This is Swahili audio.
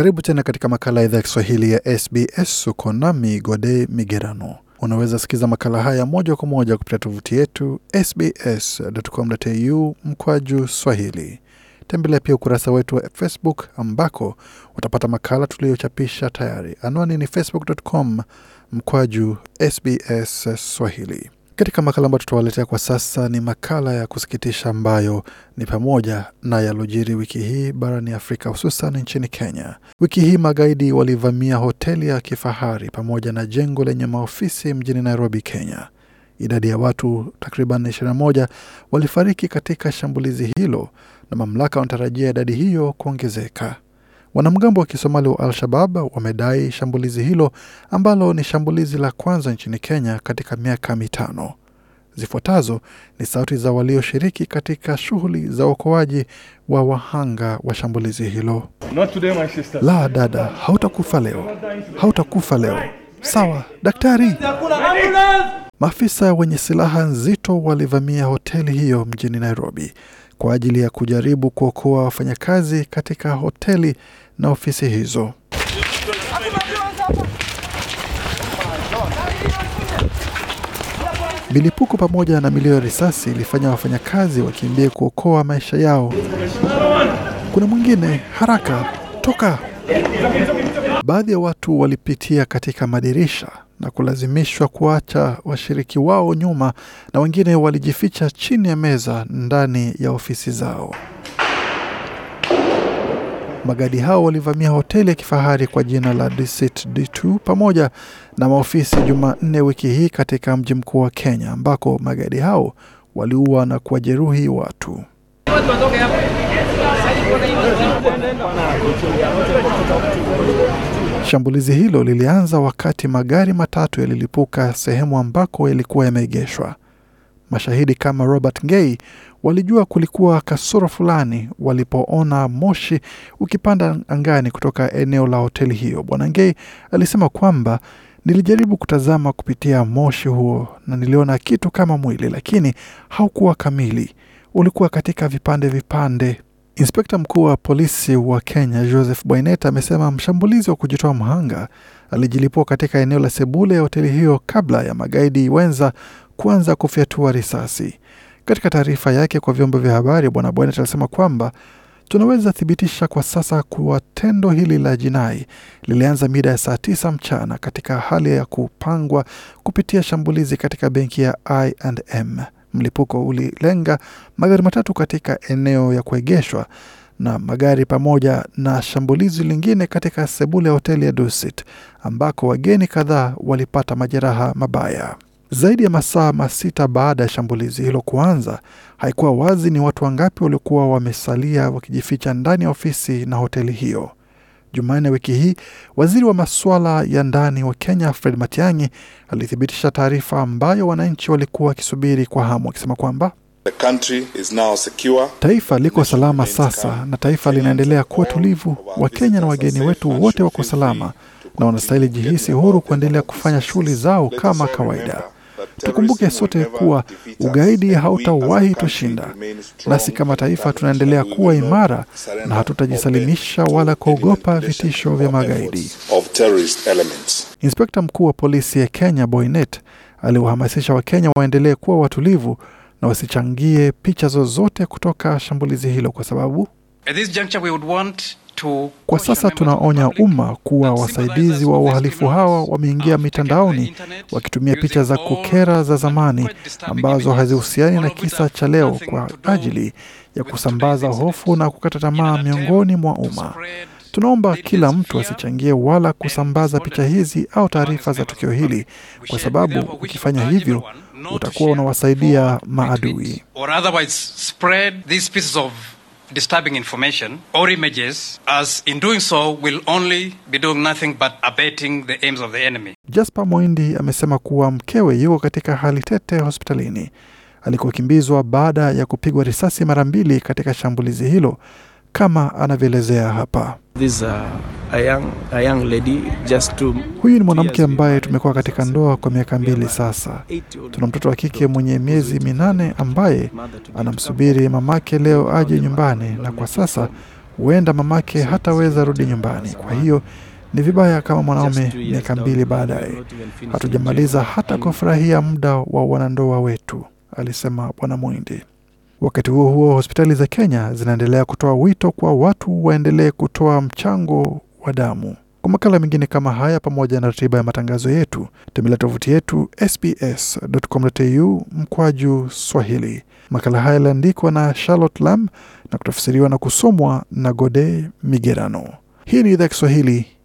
Karibu tena katika makala ya idhaa ya Kiswahili ya SBS. Uko nami Gode Migerano. Unaweza sikiza makala haya moja kwa moja kupitia tovuti yetu sbs.com.au mkwaju swahili. Tembelea pia ukurasa wetu wa Facebook ambako utapata makala tuliyochapisha tayari. Anwani ni facebook.com mkwaju sbs swahili. Katika makala ambayo tutawaletea kwa sasa ni makala ya kusikitisha ambayo ni pamoja na yalojiri wiki hii barani Afrika, hususan nchini Kenya. Wiki hii magaidi walivamia hoteli ya kifahari pamoja na jengo lenye maofisi mjini Nairobi, Kenya. Idadi ya watu takriban 21 walifariki katika shambulizi hilo na mamlaka wanatarajia idadi hiyo kuongezeka. Wanamgambo wa Kisomali wa Al-Shabab wamedai shambulizi hilo ambalo ni shambulizi la kwanza nchini Kenya katika miaka mitano. Zifuatazo ni sauti za walioshiriki katika shughuli za uokoaji wa wahanga wa shambulizi hilo. Today, la dada, hautakufa leo, hautakufa leo. Sawa daktari. Maafisa wenye silaha nzito walivamia hoteli hiyo mjini Nairobi kwa ajili ya kujaribu kuokoa wafanyakazi katika hoteli na ofisi hizo. Milipuko pamoja na milio ya risasi ilifanya wafanyakazi wakimbie kuokoa maisha yao. Kuna mwingine, haraka toka! Baadhi ya watu walipitia katika madirisha na kulazimishwa kuacha washiriki wao nyuma, na wengine walijificha chini ya meza ndani ya ofisi zao. magadi hao walivamia hoteli ya kifahari kwa jina la Dusit D2 pamoja na maofisi Jumanne wiki hii katika mji mkuu wa Kenya, ambako magadi hao waliua na kuwajeruhi watu. Shambulizi hilo lilianza wakati magari matatu yalilipuka sehemu ambako yalikuwa yameegeshwa. Mashahidi kama Robert Ngei walijua kulikuwa kasoro fulani walipoona moshi ukipanda angani kutoka eneo la hoteli hiyo. Bwana Ngei alisema kwamba nilijaribu kutazama kupitia moshi huo na niliona kitu kama mwili, lakini haukuwa kamili, ulikuwa katika vipande vipande. Inspekta mkuu wa polisi wa Kenya Joseph Boinnet amesema mshambulizi wa kujitoa mhanga alijilipua katika eneo la sebule ya hoteli hiyo kabla ya magaidi wenza kuanza kufyatua risasi. Katika taarifa yake kwa vyombo vya habari, Bwana Boinnet alisema kwamba tunaweza thibitisha kwa sasa kuwa tendo hili la jinai lilianza mida ya saa tisa mchana katika hali ya kupangwa kupitia shambulizi katika benki ya I&M. Mlipuko ulilenga magari matatu katika eneo ya kuegeshwa na magari pamoja na shambulizi lingine katika sebule ya hoteli ya Dusit ambako wageni kadhaa walipata majeraha mabaya. Zaidi ya masaa masita baada ya shambulizi hilo kuanza, haikuwa wazi ni watu wangapi waliokuwa wamesalia wakijificha ndani ya ofisi na hoteli hiyo. Jumanne wiki hii, waziri wa masuala ya ndani wa Kenya Fred Matiang'i alithibitisha taarifa ambayo wananchi walikuwa wakisubiri kwa hamu, akisema kwamba The country is now secure. Taifa liko salama sasa na taifa linaendelea kuwa tulivu. Wakenya na wageni wetu wote wako salama na wanastahili jihisi huru kuendelea kufanya shughuli zao kama kawaida. Tukumbuke sote kuwa ugaidi hautawahi tushinda, nasi kama taifa tunaendelea kuwa imara na hatutajisalimisha wala kuogopa vitisho vya magaidi. Inspekta mkuu wa polisi ya Kenya Boynet aliwahamasisha Wakenya waendelee kuwa watulivu na wasichangie picha zozote kutoka shambulizi hilo kwa sababu At this juncture we would want kwa sasa tunaonya umma kuwa wasaidizi wa wahalifu hawa wameingia mitandaoni wakitumia picha za kukera za zamani ambazo hazihusiani na kisa cha leo kwa ajili ya kusambaza hofu na kukata tamaa miongoni mwa umma. Tunaomba kila mtu asichangie wala kusambaza picha hizi au taarifa za tukio hili, kwa sababu ukifanya hivyo utakuwa unawasaidia maadui disturbing information or images, as in doing so will only be doing nothing but abating the aims of the enemy. Jasper Mwindi amesema kuwa mkewe yuko katika hali tete hospitalini alikokimbizwa baada ya kupigwa risasi mara mbili katika shambulizi hilo kama anavyoelezea hapa. This, uh, a young, a young lady just to... Huyu ni mwanamke ambaye tumekuwa katika ndoa kwa miaka mbili sasa. Tuna mtoto wa kike mwenye miezi minane ambaye anamsubiri mamake leo aje nyumbani, na kwa sasa huenda mamake hataweza rudi nyumbani. Kwa hiyo ni vibaya kama mwanaume, miaka mbili baadaye hatujamaliza hata kufurahia muda wa wanandoa wetu, alisema Bwana Mwindi. Wakati huo huo, hospitali za Kenya zinaendelea kutoa wito kwa watu waendelee kutoa mchango wa damu. Kwa makala mengine kama haya, pamoja na ratiba ya matangazo yetu, tembelea tovuti yetu sbs.com.au mkwaju Swahili. Makala haya yaliandikwa na Charlotte Lam na kutafsiriwa na kusomwa na Gode Migerano. Hii ni idhaa Kiswahili